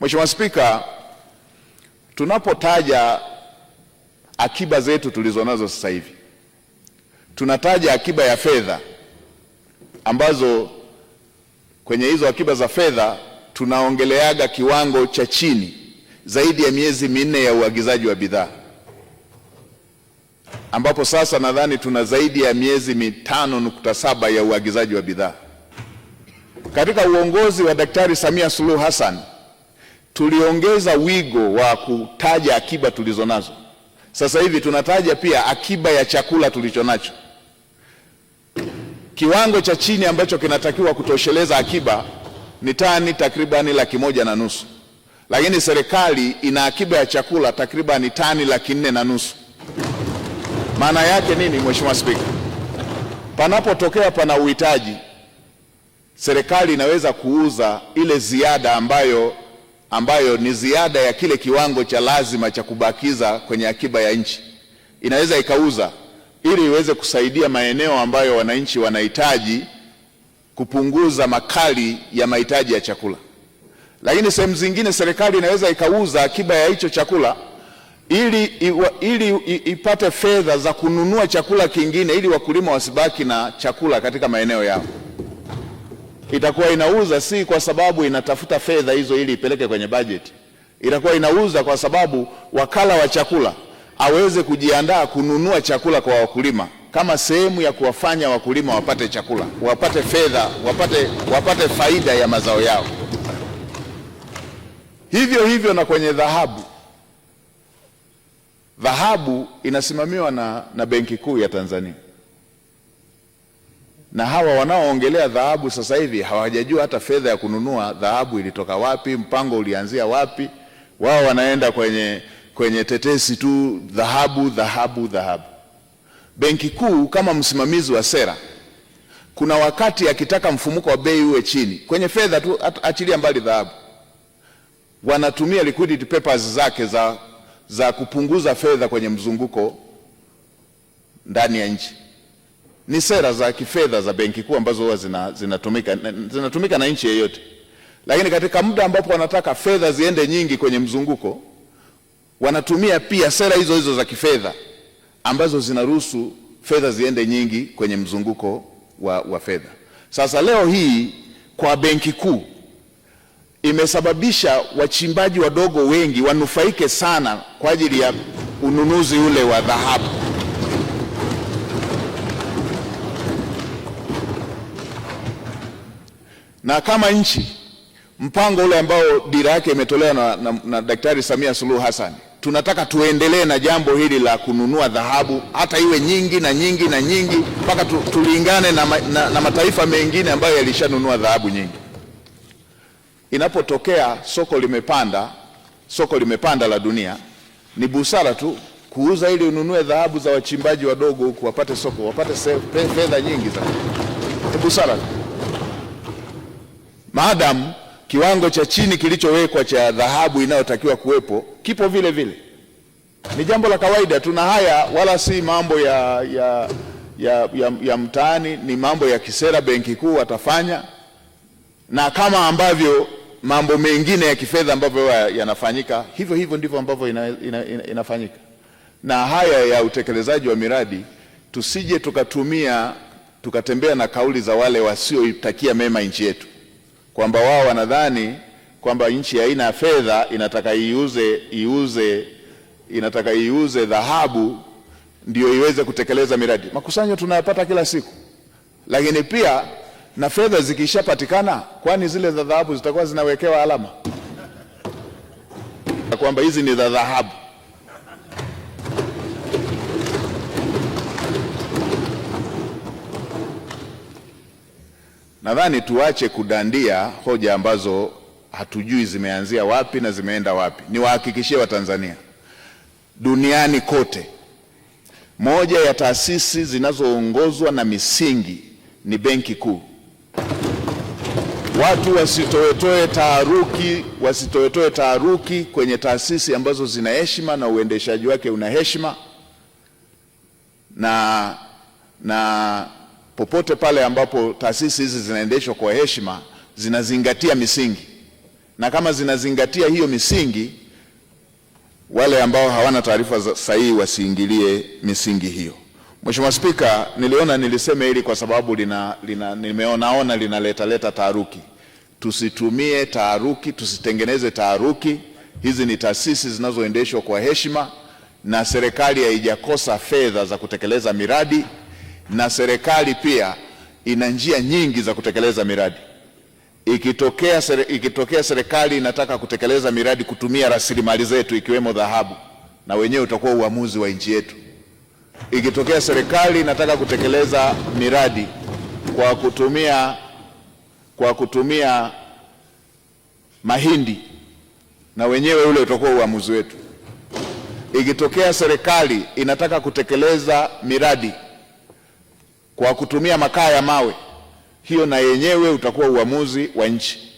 Mheshimiwa Spika, tunapotaja akiba zetu tulizonazo sasa hivi tunataja akiba ya fedha ambazo kwenye hizo akiba za fedha tunaongeleaga kiwango cha chini zaidi ya miezi minne ya uagizaji wa bidhaa, ambapo sasa nadhani tuna zaidi ya miezi mitano nukta saba ya uagizaji wa bidhaa. Katika uongozi wa Daktari Samia Suluhu Hassan tuliongeza wigo wa kutaja akiba tulizonazo. Sasa hivi tunataja pia akiba ya chakula tulichonacho. Kiwango cha chini ambacho kinatakiwa kutosheleza akiba ni tani takribani laki moja na nusu, lakini serikali ina akiba ya chakula takribani tani laki nne na nusu. Maana yake nini, Mheshimiwa Spika? Panapotokea pana uhitaji, serikali inaweza kuuza ile ziada ambayo ambayo ni ziada ya kile kiwango cha lazima cha kubakiza kwenye akiba ya nchi, inaweza ikauza ili iweze kusaidia maeneo ambayo wananchi wanahitaji kupunguza makali ya mahitaji ya chakula. Lakini sehemu zingine serikali inaweza ikauza akiba ya hicho chakula ili, ili ipate fedha za kununua chakula kingine ili wakulima wasibaki na chakula katika maeneo yao itakuwa inauza si kwa sababu inatafuta fedha hizo ili ipeleke kwenye bajeti, itakuwa inauza kwa sababu wakala wa chakula aweze kujiandaa kununua chakula kwa wakulima kama sehemu ya kuwafanya wakulima wapate chakula, wapate fedha, wapate, wapate faida ya mazao yao. Hivyo hivyo na kwenye dhahabu. Dhahabu inasimamiwa na, na Benki Kuu ya Tanzania na hawa wanaoongelea dhahabu sasa hivi hawajajua hata fedha ya kununua dhahabu ilitoka wapi, mpango ulianzia wapi. Wao wanaenda kwenye, kwenye tetesi tu, dhahabu dhahabu dhahabu. Benki Kuu kama msimamizi wa sera, kuna wakati akitaka mfumuko wa bei uwe chini kwenye fedha tu, achilia mbali dhahabu, wanatumia liquidity papers zake za, za kupunguza fedha kwenye mzunguko ndani ya nchi ni sera za kifedha za benki kuu ambazo huwa zinatumika zinatumika na nchi yeyote, lakini katika muda ambapo wanataka fedha ziende nyingi kwenye mzunguko, wanatumia pia sera hizo hizo za kifedha ambazo zinaruhusu fedha ziende nyingi kwenye mzunguko wa, wa fedha. Sasa leo hii kwa benki kuu imesababisha wachimbaji wadogo wengi wanufaike sana kwa ajili ya ununuzi ule wa dhahabu. na kama nchi, mpango ule ambao dira yake imetolewa na, na, na Daktari Samia Suluhu Hassan, tunataka tuendelee na jambo hili la kununua dhahabu, hata iwe nyingi na nyingi na nyingi mpaka tu, tulingane na, na, na mataifa mengine ambayo yalishanunua dhahabu nyingi. Inapotokea soko limepanda, soko limepanda la dunia, ni busara tu kuuza ili ununue dhahabu za wachimbaji wadogo huku wapate soko, wapate fedha nyingi za busara tu maadam kiwango cha chini kilichowekwa cha dhahabu inayotakiwa kuwepo kipo vile vile. Ni jambo la kawaida tuna haya wala si mambo ya, ya, ya, ya, ya mtaani, ni mambo ya kisera. Benki Kuu watafanya na kama ambavyo mambo mengine ya kifedha ambavyo yanafanyika hivyo hivyo ndivyo ambavyo ina, ina, ina, inafanyika. Na haya ya utekelezaji wa miradi tusije tukatumia tukatembea na kauli za wale wasioitakia mema nchi yetu kwamba wao wanadhani kwamba nchi haina fedha inataka iuze iuze inataka iuze dhahabu ndio iweze kutekeleza miradi. Makusanyo tunayapata kila siku, lakini pia na fedha zikishapatikana, kwani zile za dhahabu zitakuwa zinawekewa alama kwamba hizi ni za dhahabu. Nadhani tuache kudandia hoja ambazo hatujui zimeanzia wapi na zimeenda wapi. Niwahakikishie Watanzania, duniani kote, moja ya taasisi zinazoongozwa na misingi ni Benki Kuu. Watu wasitoetoe taharuki, wasitoetoe taharuki kwenye taasisi ambazo zina heshima na uendeshaji wake una heshima na na popote pale ambapo taasisi hizi zinaendeshwa kwa heshima, zinazingatia misingi, na kama zinazingatia hiyo misingi, wale ambao hawana taarifa sahihi wasiingilie misingi hiyo. Mheshimiwa Spika, niliona niliseme hili kwa sababu lina, lina, nimeonaona linaletaleta taaruki. Tusitumie taaruki, tusitengeneze taaruki. Hizi ni taasisi zinazoendeshwa kwa heshima, na serikali haijakosa fedha za kutekeleza miradi na serikali pia ina njia nyingi za kutekeleza miradi. Ikitokea, sere, ikitokea serikali inataka kutekeleza miradi kutumia rasilimali zetu ikiwemo dhahabu, na wenyewe utakuwa uamuzi wa nchi yetu. Ikitokea serikali inataka kutekeleza miradi kwa kutumia, kwa kutumia mahindi, na wenyewe ule utakuwa uamuzi wetu. Ikitokea serikali inataka kutekeleza miradi kwa kutumia makaa ya mawe, hiyo na yenyewe utakuwa uamuzi wa nchi.